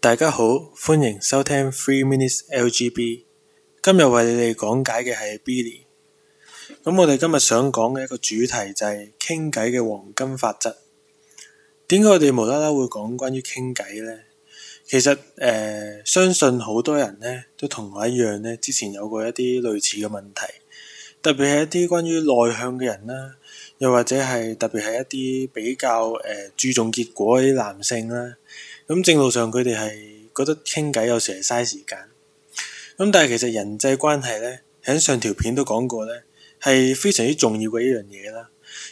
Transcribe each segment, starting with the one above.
大家好，歡迎收聽 Three Minutes LGB。今日為你哋講解嘅係 Billy。咁我哋今日想講嘅一個主題就係傾偈嘅黃金法則。點解我哋無啦啦會講關於傾偈呢？其實誒、呃，相信好多人呢都同我一樣呢，之前有過一啲類似嘅問題，特別係一啲關於內向嘅人啦，又或者係特別係一啲比較誒、呃、注重結果啲男性啦。咁正路上佢哋係覺得傾偈有時係嘥時間。咁但係其實人際關係咧，響上條片都講過咧，係非常之重要嘅一樣嘢啦。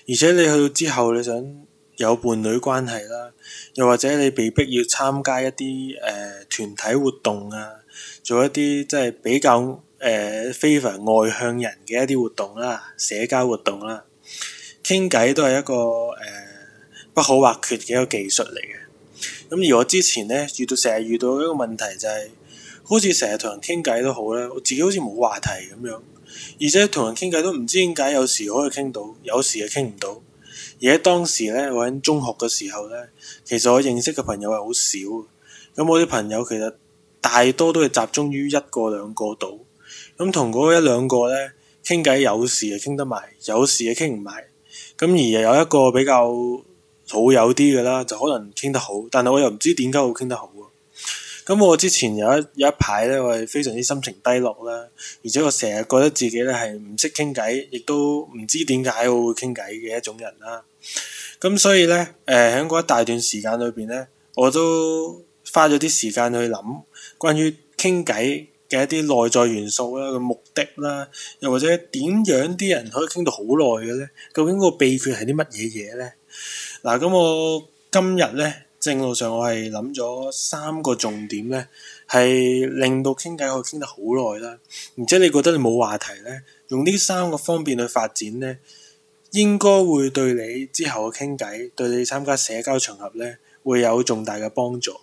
而且你去到之後，你想有伴侶關係啦，又或者你被逼要參加一啲誒團體活動啊，做一啲即係比較誒非凡外向人嘅一啲活動啦、啊，社交活動啦、啊，傾偈都係一個誒、呃、不可或缺嘅一個技術嚟嘅。咁而我之前咧遇到成日遇到一個問題就係，好似成日同人傾偈都好啦，我自己好似冇話題咁樣，而且同人傾偈都唔知點解有時可以傾到，有時又傾唔到。而喺當時咧，我喺中學嘅時候咧，其實我認識嘅朋友係好少，咁我啲朋友其實大多都係集中於一個兩個度，咁同嗰一兩個咧傾偈有時又傾得埋，有時又傾唔埋，咁而又有一個比較。好有啲嘅啦，就可能傾得好，但係我又唔知點解會傾得好。咁我之前有一有一排咧，我係非常之心情低落啦，而且我成日覺得自己咧係唔識傾偈，亦都唔知點解我會傾偈嘅一種人啦。咁所以咧，誒喺嗰一大段時間裏邊咧，我都花咗啲時間去諗關於傾偈嘅一啲內在元素啦、個目的啦，又或者點樣啲人可以傾到好耐嘅咧？究竟嗰個秘訣係啲乜嘢嘢咧？嗱咁，我今日呢，正路上，我係諗咗三個重點呢，係令到傾偈可以傾得好耐啦。而且你覺得你冇話題呢，用呢三個方面去發展呢，應該會對你之後嘅傾偈，對你參加社交場合呢，會有重大嘅幫助。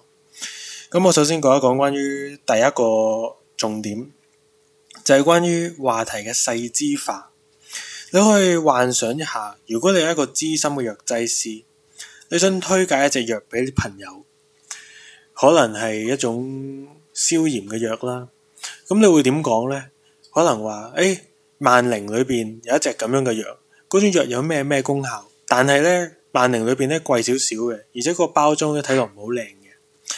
咁我首先講一講關於第一個重點，就係、是、關於話題嘅細支化。你可以幻想一下，如果你係一個資深嘅藥劑師。你想推介一隻藥俾啲朋友，可能係一種消炎嘅藥啦。咁你會點講呢？可能話：誒、欸，萬寧裏邊有一隻咁樣嘅藥，嗰種藥有咩咩功效，但係呢萬寧裏邊咧貴少少嘅，而且個包裝咧睇落唔好靚嘅。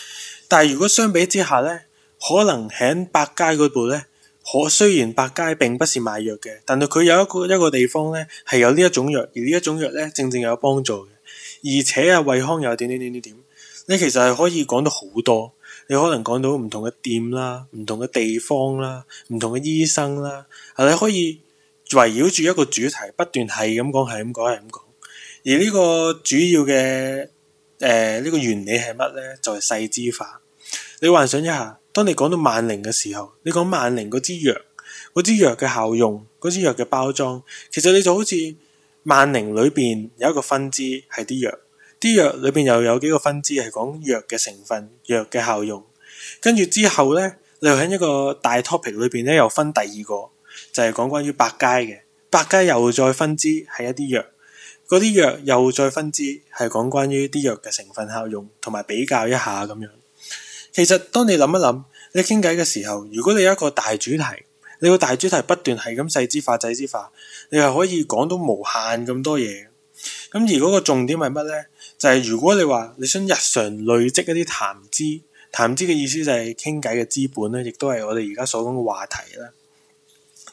但係如果相比之下呢，可能喺百佳嗰度呢，可雖然百佳並不是賣藥嘅，但係佢有一個一個地方呢係有呢一種藥，而呢一種藥呢正正有幫助嘅。而且啊，惠康又點點點點點，你其實係可以講到好多，你可能講到唔同嘅店啦，唔同嘅地方啦，唔同嘅醫生啦，係你可以圍繞住一個主題不斷係咁講，係咁講，係咁講。而呢個主要嘅誒呢個原理係乜呢？就係細支化。你幻想一下，當你講到萬寧嘅時候，你講萬寧嗰支藥，嗰支藥嘅效用，嗰支藥嘅包裝，其實你就好似。萬寧裏邊有一個分支係啲藥，啲藥裏邊又有幾個分支係講藥嘅成分、藥嘅效用。跟住之後呢，你喺一個大 topic 裏邊咧，又分第二個就係、是、講關於百佳嘅，百佳又再分支係一啲藥，嗰啲藥又再分支係講關於啲藥嘅成分效用，同埋比較一下咁樣。其實當你諗一諗，你傾偈嘅時候，如果你有一個大主題。你個大主題不斷係咁細支化、仔之化，你係可以講到無限咁多嘢。咁而嗰個重點係乜呢？就係、是、如果你話你想日常累積一啲談資，談資嘅意思就係傾偈嘅資本咧，亦都係我哋而家所講嘅話題啦。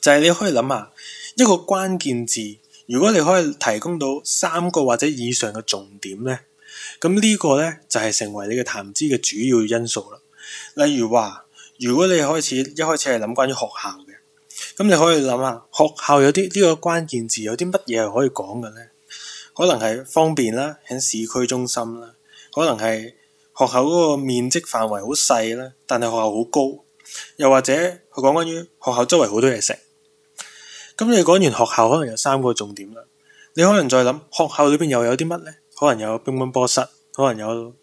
就係、是、你可以諗下一個關鍵字，如果你可以提供到三個或者以上嘅重點呢，咁呢個呢，就係、是、成為你嘅談資嘅主要因素啦。例如話，如果你開始一開始係諗關於學校嘅。咁你可以諗下，學校有啲呢個關鍵字有啲乜嘢係可以講嘅呢？可能係方便啦，喺市區中心啦，可能係學校嗰個面積範圍好細啦，但係學校好高，又或者佢講關於學校周圍好多嘢食。咁你講完學校，可能有三個重點啦。你可能再諗學校裏邊又有啲乜呢？可能有乒乓波室，可能有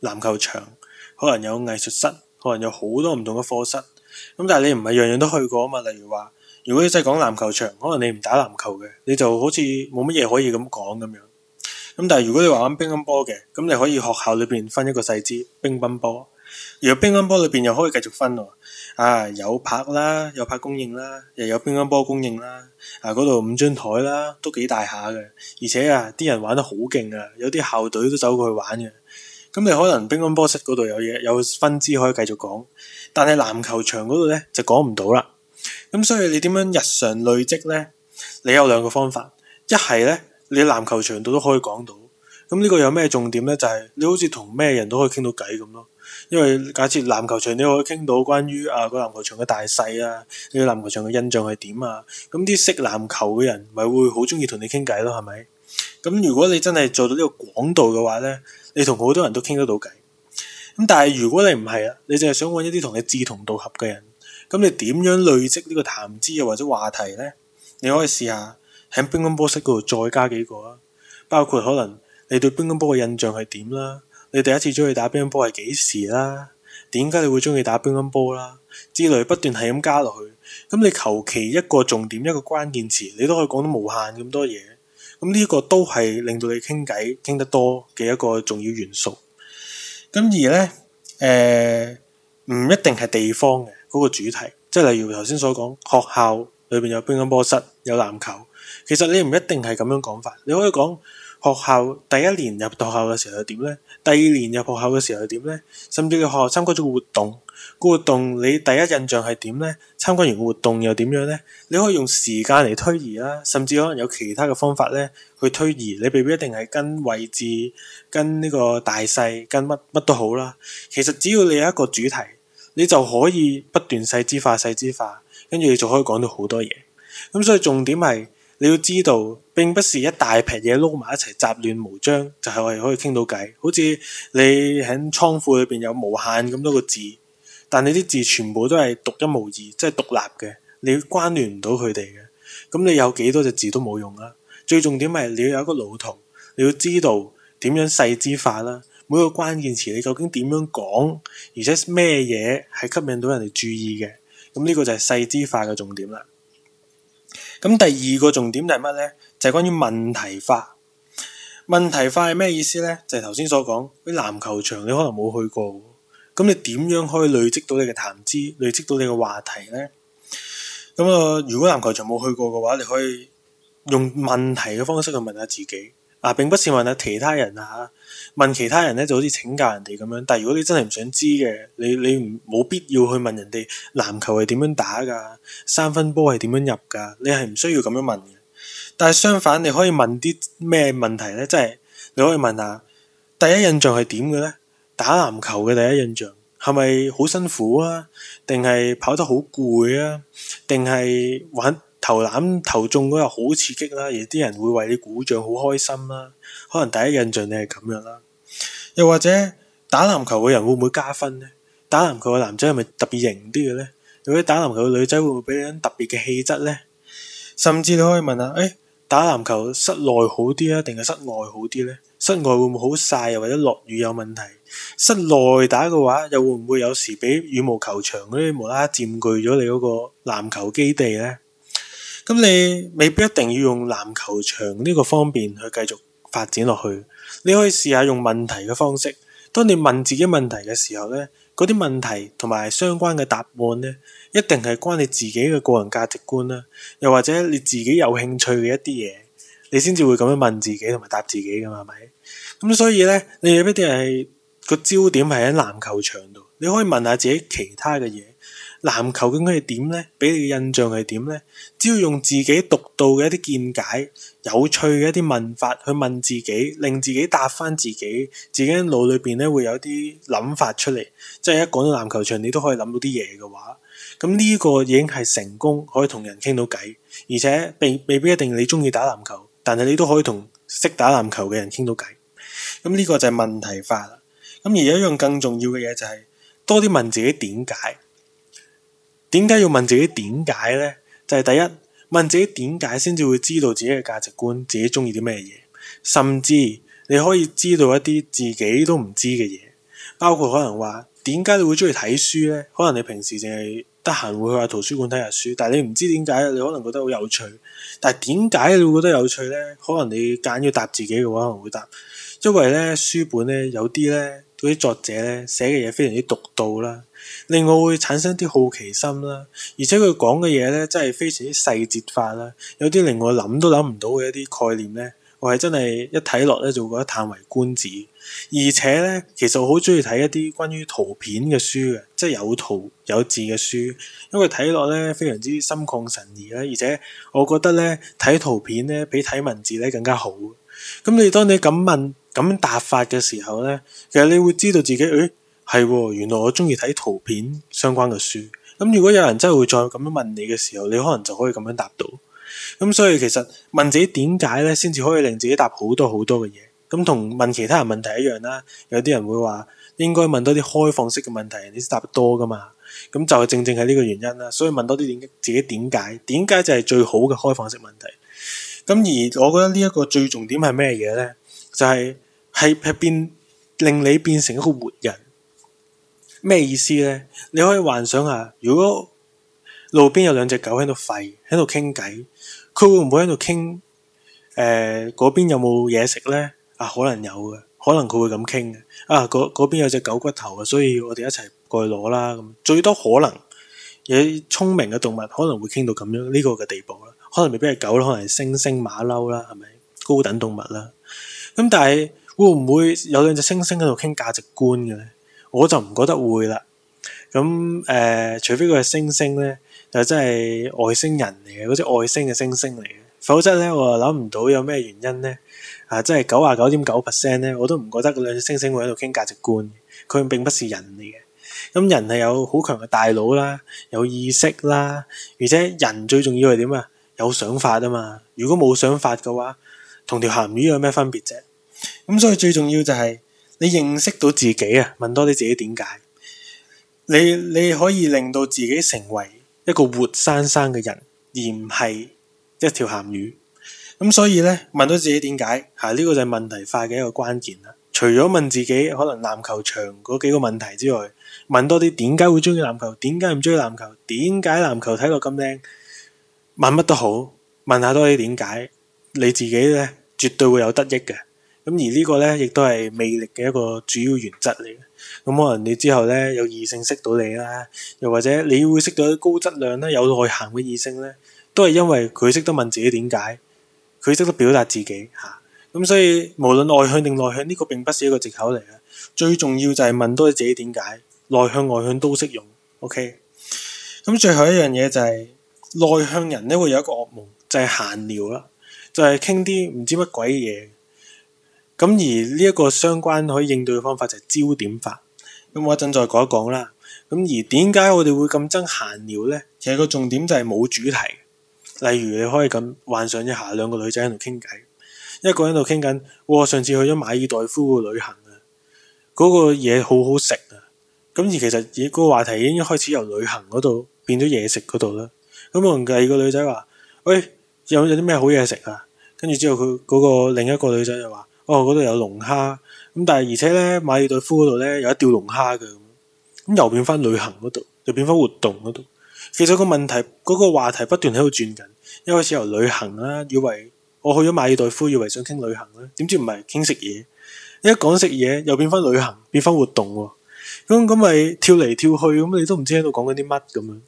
籃球場，可能有藝術室，可能有好多唔同嘅課室。咁但係你唔係樣樣都去過啊嘛，例如話，如果你真係講籃球場，可能你唔打籃球嘅，你就好似冇乜嘢可以咁講咁樣。咁但係如果你玩乒乓波嘅，咁你可以學校裏邊分一個細支乒乓波。如果乒乓波裏邊又可以繼續分喎、啊，啊有拍啦，有拍供應啦，又有乒乓波供應啦，啊嗰度五張台啦，都幾大下嘅，而且啊啲人玩得好勁啊，有啲校隊都走過去玩嘅，咁你可能乒乓波室嗰度有嘢，有分支可以繼續講。但係籃球場嗰度咧就講唔到啦，咁所以你點樣日常累積咧？你有兩個方法，一係咧你籃球場度都可以講到，咁呢個有咩重點咧？就係你好似同咩人都可以傾到偈咁咯。因為假設籃球場你可以傾到關於啊個籃球場嘅大細啊，你個籃球場嘅印象係點啊，咁啲識籃球嘅人咪會好中意同你傾偈咯，係咪？咁如果你真係做到呢個廣度嘅話咧，你同好多人都傾得到偈。咁但係如果你唔係啊，你就係想揾一啲同你志同道合嘅人，咁你點樣累積呢個談資又或者話題呢？你可以試下喺乒乓波室嗰度再加幾個啊，包括可能你對乒乓波嘅印象係點啦，你第一次中意打乒乓波係幾時啦，點解你會中意打乒乓波啦之類，不斷係咁加落去。咁你求其一個重點一個關鍵詞，你都可以講到無限咁多嘢。咁呢個都係令到你傾偈傾得多嘅一個重要元素。咁而咧，誒、呃、唔一定係地方嘅嗰、嗰個主題，即係例如頭先所講學校裏邊有乒乓波室，有籃球，其實你唔一定係咁樣講法，你可以講。學校第一年入學校嘅時候係點咧？第二年入學校嘅時候係點咧？甚至佢學校參加咗個活動，個活動你第一印象係點咧？參加完個活動又點樣咧？你可以用時間嚟推移啦，甚至可能有其他嘅方法咧去推移。你未必一定係跟位置、跟呢個大細、跟乜乜都好啦。其實只要你有一個主題，你就可以不斷細支化、細支化，跟住你就可以講到好多嘢。咁所以重點係。你要知道，並不是一大撇嘢撈埋一齊雜亂無章，就係我哋可以傾到偈。好似你喺倉庫裏邊有無限咁多個字，但你啲字全部都係獨一無二，即係獨立嘅，你要關聯唔到佢哋嘅。咁你有幾多隻字都冇用啦。最重點係你要有一個腦圖，你要知道點樣細支化啦。每個關鍵詞你究竟點樣講，而且咩嘢係吸引到人哋注意嘅。咁呢個就係細支化嘅重點啦。咁第二個重點就係乜呢？就係關於問題化。問題化係咩意思呢？就係頭先所講啲籃球場，你可能冇去過。咁你點樣可以累積到你嘅談資，累積到你嘅話題呢？咁啊，如果籃球場冇去過嘅話，你可以用問題嘅方式去問下自己。啊，並不是問下其他人啊，問其他人咧就好似請教人哋咁樣。但係如果你真係唔想知嘅，你你唔冇必要去問人哋籃球係點樣打噶，三分波係點樣入噶，你係唔需要咁樣問。但係相反，你可以問啲咩問題咧？即係你可以問下：「第一印象係點嘅咧？打籃球嘅第一印象係咪好辛苦啊？定係跑得好攰啊？定係玩？投籃投中嗰日好刺激啦，有啲人會為你鼓掌，好開心啦。可能第一印象你係咁樣啦。又或者打籃球嘅人會唔會加分呢？打籃球嘅男仔係咪特別型啲嘅呢？如果打籃球嘅女仔會唔會俾你特別嘅氣質呢？甚至你可以問下，誒、欸，打籃球室內好啲啊，定係室外好啲呢？室外會唔會好曬，又或者落雨有問題？室內打嘅話，又會唔會有時俾羽毛球場嗰啲無啦啦佔據咗你嗰個籃球基地呢？」咁你未必一定要用籃球場呢個方面去繼續發展落去，你可以試下用問題嘅方式。當你問自己問題嘅時候咧，嗰啲問題同埋相關嘅答案咧，一定係關你自己嘅個人價值觀啦，又或者你自己有興趣嘅一啲嘢，你先至會咁樣問自己同埋答自己噶嘛？係咪？咁所以咧，你未必係、個焦點係喺籃球場度，你可以問下自己其他嘅嘢。籃球究竟係點咧？俾你嘅印象係點咧？只要用自己獨到嘅一啲見解、有趣嘅一啲問法去問自己，令自己答翻自己，自己腦裏邊咧會有啲諗法出嚟，即係一講到籃球場，你都可以諗到啲嘢嘅話，咁呢個已經係成功可以同人傾到偈。而且未未必一定你中意打籃球，但係你都可以同識打籃球嘅人傾到偈。咁呢個就係問題化啦。咁而有一樣更重要嘅嘢就係、是、多啲問自己點解。點解要問自己點解咧？就係第一，問自己點解先至會知道自己嘅價值觀，自己中意啲咩嘢，甚至你可以知道一啲自己都唔知嘅嘢，包括可能話點解你會中意睇書咧？可能你平時淨係得閒會去下圖書館睇下書，但係你唔知點解，你可能覺得好有趣。但係點解你會覺得有趣咧？可能你揀要答自己嘅話，可能會答，因為咧書本咧有啲咧嗰啲作者咧寫嘅嘢非常之獨到啦。令我會產生啲好奇心啦，而且佢講嘅嘢咧，真係非常之細節化啦，有啲令我諗都諗唔到嘅一啲概念咧，我係真係一睇落咧就覺得嘆為觀止。而且咧，其實我好中意睇一啲關於圖片嘅書嘅，即係有圖有字嘅書，因為睇落咧非常之心曠神怡啦。而且我覺得咧睇圖片咧比睇文字咧更加好。咁你當你咁問咁答法嘅時候咧，其實你會知道自己誒。係，原來我中意睇圖片相關嘅書。咁如果有人真係會再咁樣問你嘅時候，你可能就可以咁樣答到。咁所以其實問自己點解咧，先至可以令自己答好多好多嘅嘢。咁同問其他人問題一樣啦。有啲人會話應該問多啲開放式嘅問題，你答得多㗎嘛。咁就係正正係呢個原因啦。所以問多啲點自己點解？點解就係最好嘅開放式問題。咁而我覺得呢一個最重點係咩嘢咧？就係係係變令你變成一個活人。咩意思呢？你可以幻想下，如果路邊有兩隻狗喺度吠，喺度傾偈，佢會唔會喺度傾？誒、呃，嗰邊有冇嘢食呢？啊，可能有嘅，可能佢會咁傾嘅。啊，嗰嗰邊有隻狗骨頭嘅，所以我哋一齊過去攞啦。咁最多可能，有聰明嘅動物可能會傾到咁樣呢、呢個嘅地步啦。可能未必係狗，可能係猩猩貓貓、馬騮啦，係咪高等動物啦？咁但係會唔會有兩隻猩猩喺度傾價值觀嘅呢？我就唔覺得會啦，咁誒、呃，除非佢係猩猩咧，就真係外星人嚟嘅，嗰隻外星嘅猩猩嚟嘅，否則咧我諗唔到有咩原因咧，啊，真係九啊九點九 percent 咧，我都唔覺得嗰兩隻猩猩會喺度傾價值觀，佢並不是人嚟嘅。咁人係有好強嘅大腦啦，有意識啦，而且人最重要係點啊？有想法啊嘛，如果冇想法嘅話，同條鹹魚有咩分別啫？咁所以最重要就係、是。你認識到自己啊，問多啲自己點解，你你可以令到自己成為一個活生生嘅人，而唔係一條鹹魚。咁所以呢，問多自己點解，吓呢個就係問題化嘅一個關鍵啦。除咗問自己可能籃球場嗰幾個問題之外，問多啲點解會中意籃球，點解唔中意籃球，點解籃球睇落咁靚，問乜都好，問下多啲點解，你自己呢，絕對會有得益嘅。咁而個呢個咧，亦都係魅力嘅一個主要原則嚟嘅。咁、嗯、可能你之後咧有異性識到你啦，又或者你會識到啲高質量啦、有外涵嘅異性咧，都係因為佢識得問自己點解，佢識得表達自己吓。咁、啊嗯、所以無論外向定內向，呢、這個並不是一個借口嚟嘅。最重要就係問多你自己點解，內向外向都識用。OK、嗯。咁最後一樣嘢就係、是、內向人咧會有一個噩夢，就係、是、閒聊啦，就係傾啲唔知乜鬼嘢。咁而呢一個相關可以應對嘅方法就係焦點法，咁我一陣再講一講啦。咁而點解我哋會咁憎閒聊呢？其實個重點就係冇主題。例如你可以咁幻想一下，兩個女仔喺度傾偈，一個喺度傾緊，我上次去咗馬爾代夫嘅旅行啊，嗰個嘢好好食啊。咁而其實個話題已經開始由旅行嗰度變咗嘢食嗰度啦。咁我同第二個女仔話：喂，有有啲咩好嘢食啊？跟住之後佢嗰個另一個女仔就話。哦，嗰度有龍蝦，咁但係而且咧馬爾代夫嗰度咧有一釣龍蝦嘅，咁又變翻旅行嗰度，又變翻活動嗰度。其實個問題，嗰個話題不斷喺度轉緊，一開始由旅行啦，以為我去咗馬爾代夫，以為想傾旅行啦，點知唔係傾食嘢，一講食嘢又變翻旅行，變翻活動，咁咁咪跳嚟跳去，咁你都唔知喺度講緊啲乜咁樣。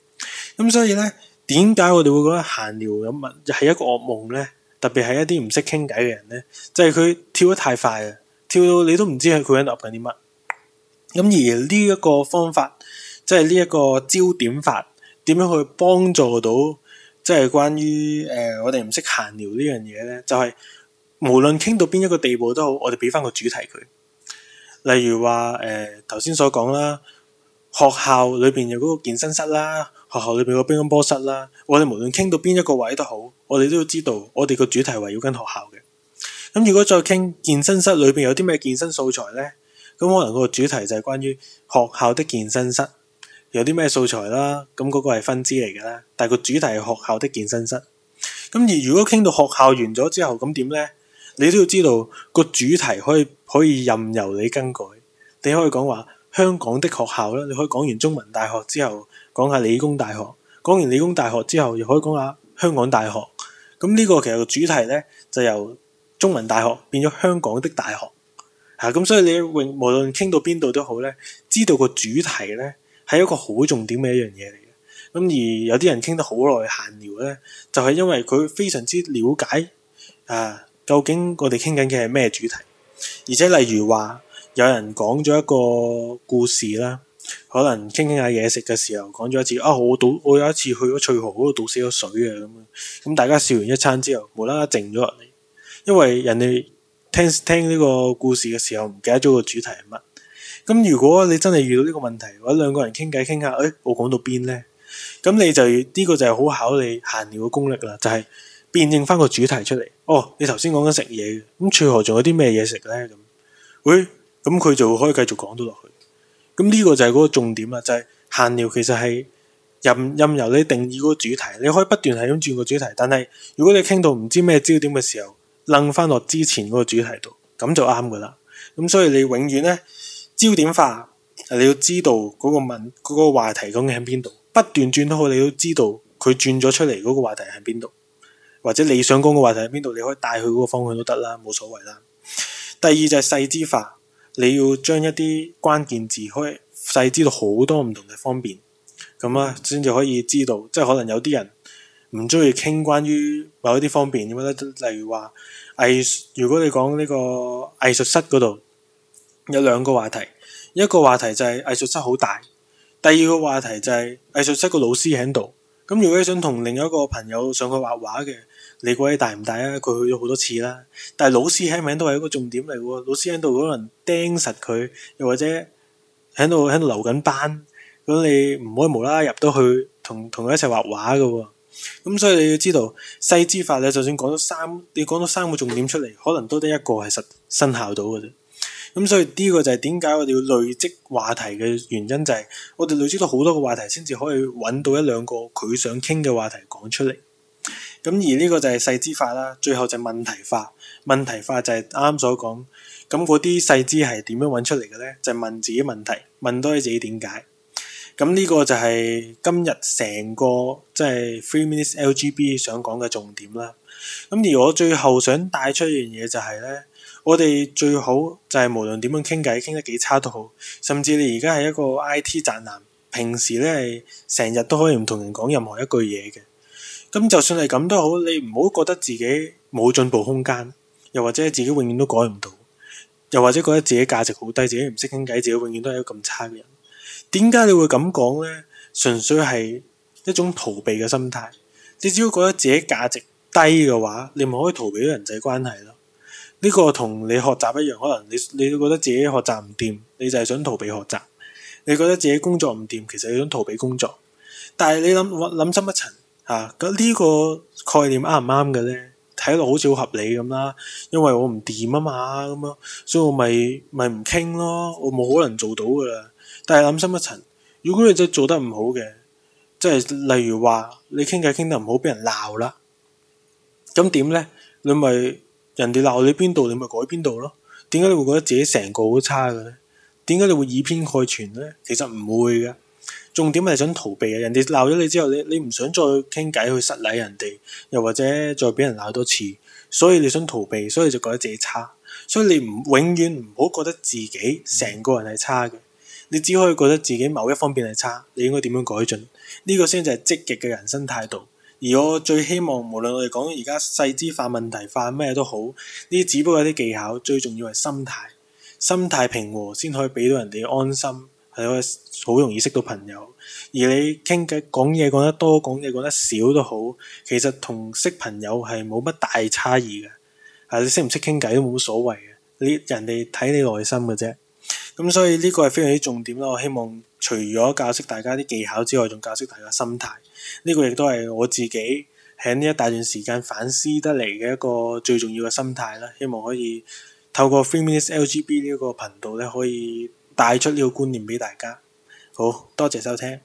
咁所以咧，點解我哋會覺得閒聊咁問，係一個噩夢咧？特別係一啲唔識傾偈嘅人咧，就係、是、佢跳得太快啊，跳到你都唔知佢佢喺度講緊啲乜。咁而呢一個方法，即係呢一個焦點法，點樣去幫助到即係、就是、關於誒、呃、我哋唔識閒聊呢樣嘢咧？就係、是、無論傾到邊一個地步都好，我哋俾翻個主題佢。例如話誒頭先所講啦，學校裏邊有嗰個健身室啦，學校裏邊有個乒乓波室啦，我哋無論傾到邊一個位都好。我哋都要知道，我哋個主題圍繞跟學校嘅。咁如果再傾健身室裏邊有啲咩健身素材咧，咁可能個主題就係關於學校的健身室有啲咩素材啦。咁嗰個係分支嚟嘅啦，但係個主題係學校的健身室。咁而如果傾到學校完咗之後，咁點咧？你都要知道，個主題可以可以任由你更改。你可以講話香港的學校啦，你可以講完中文大學之後講下理工大學，講完理工大學之後又可以講下香港大學。咁呢個其實個主題咧，就由中文大學變咗香港的大學，吓、啊、咁所以你永無論傾到邊度都好咧，知道個主題咧，係一個好重點嘅一樣嘢嚟嘅。咁、啊、而有啲人傾得好耐閒聊咧，就係、是、因為佢非常之了解啊，究竟我哋傾緊嘅係咩主題，而且例如話有人講咗一個故事啦。可能傾傾下嘢食嘅時候，講咗一次啊，我倒我有一次去咗翠河嗰度倒死咗水啊咁，咁大家笑完一餐之後，無啦啦靜咗落嚟，因為人哋聽聽呢個故事嘅時候唔記得咗個主題係乜，咁如果你真係遇到呢個問題，或者兩個人傾偈傾下，誒、欸、我講到邊呢？咁你就呢、這個就係好考你閒聊嘅功力啦，就係、是、辨認翻個主題出嚟。哦，你頭先講緊食嘢，咁翠河仲有啲咩嘢食呢？咁，喂、欸，咁佢就可以繼續講到落去。咁呢個就係嗰個重點啦，就係閒聊其實係任任由你定義嗰個主題，你可以不斷係咁轉個主題，但係如果你傾到唔知咩焦點嘅時候，掹翻落之前嗰個主題度，咁就啱噶啦。咁、嗯、所以你永遠咧焦點化，你要知道嗰個問嗰、嗰個話題究竟喺邊度，不斷轉得好，你要知道佢轉咗出嚟嗰個話題喺邊度，或者你想講嘅話題喺邊度，你可以帶佢嗰個方向都得啦，冇所謂啦。第二就係細支化。你要將一啲關鍵字可以細支到好多唔同嘅方便，咁啊先至可以知道，即係可能有啲人唔鍾意傾關於某一啲方面點樣咧，例如話藝，如果你講呢個藝術室嗰度有兩個話題，一個話題就係藝術室好大，第二個話題就係藝術室個老師喺度，咁如果你想同另一個朋友上去畫畫嘅。你估佢大唔大啊？佢去咗好多次啦。但係老師喺名都係一個重點嚟喎，老師喺度可能釘實佢，又或者喺度喺度留緊班。咁你唔可以無啦啦入到去同同佢一齊畫畫嘅喎。咁所以你要知道細支法咧，就算講咗三，你講到三個重點出嚟，可能都得一個係實生效到嘅啫。咁所以呢個就係點解我哋要累積話題嘅原因，就是，就係我哋累積到好多個話題，先至可以揾到一兩個佢想傾嘅話題講出嚟。咁而呢個就係細支化啦，最後就係問題化。問題化就係啱啱所講。咁嗰啲細支係點樣揾出嚟嘅呢？就係、問自己問題，問多你自己點解。咁呢個就係今日成個即係、就、Three、是、Minutes LGB 想講嘅重點啦。咁而我最後想帶出一樣嘢就係、是、呢：我哋最好就係無論點樣傾偈，傾得幾差都好，甚至你而家係一個 IT 宅男，平時呢係成日都可以唔同人講任何一句嘢嘅。咁就算係咁都好，你唔好覺得自己冇進步空間，又或者自己永遠都改唔到，又或者覺得自己價值好低，自己唔識傾偈，自己永遠都係一個咁差嘅人。點解你會咁講呢？純粹係一種逃避嘅心態。你只要覺得自己價值低嘅話，你咪可以逃避人際關係咯。呢個同你學習一樣，可能你你都覺得自己學習唔掂，你就係想逃避學習；你覺得自己工作唔掂，其實你想逃避工作。但係你諗諗深一層。啊，呢個概念啱唔啱嘅呢？睇落好似好合理咁啦，因為我唔掂啊嘛，咁樣，所以我咪咪唔傾咯，我冇可能做到噶啦。但係諗深一層，如果你真係做得唔好嘅，即係例如話你傾偈傾得唔好，俾人鬧啦，咁點呢？你咪人哋鬧你邊度，你咪改邊度咯。點解你會覺得自己成個好差嘅呢？點解你會以偏概全呢？其實唔會嘅。重點係想逃避啊！人哋鬧咗你之後，你你唔想再傾偈去失禮人哋，又或者再俾人鬧多次，所以你想逃避，所以你就覺得自己差，所以你唔永遠唔好覺得自己成個人係差嘅，你只可以覺得自己某一方面係差，你應該點樣改進？呢個先就係積極嘅人生態度。而我最希望，無論我哋講而家細支化、問題化咩都好，呢啲只不過係啲技巧，最重要係心態，心態平和先可以俾到人哋安心。係我好容易識到朋友，而你傾偈講嘢講得多，講嘢講得少都好，其實同識朋友係冇乜大差異嘅。啊，你識唔識傾偈都冇所謂嘅，你人哋睇你內心嘅啫。咁所以呢個係非常之重點咯。我希望除咗教識大家啲技巧之外，仲教識大家心態。呢個亦都係我自己喺呢一大段時間反思得嚟嘅一個最重要嘅心態啦。希望可以透過 Feminist LGBT 呢一個頻道咧，可以。帶出呢個觀念俾大家，好，多謝收聽。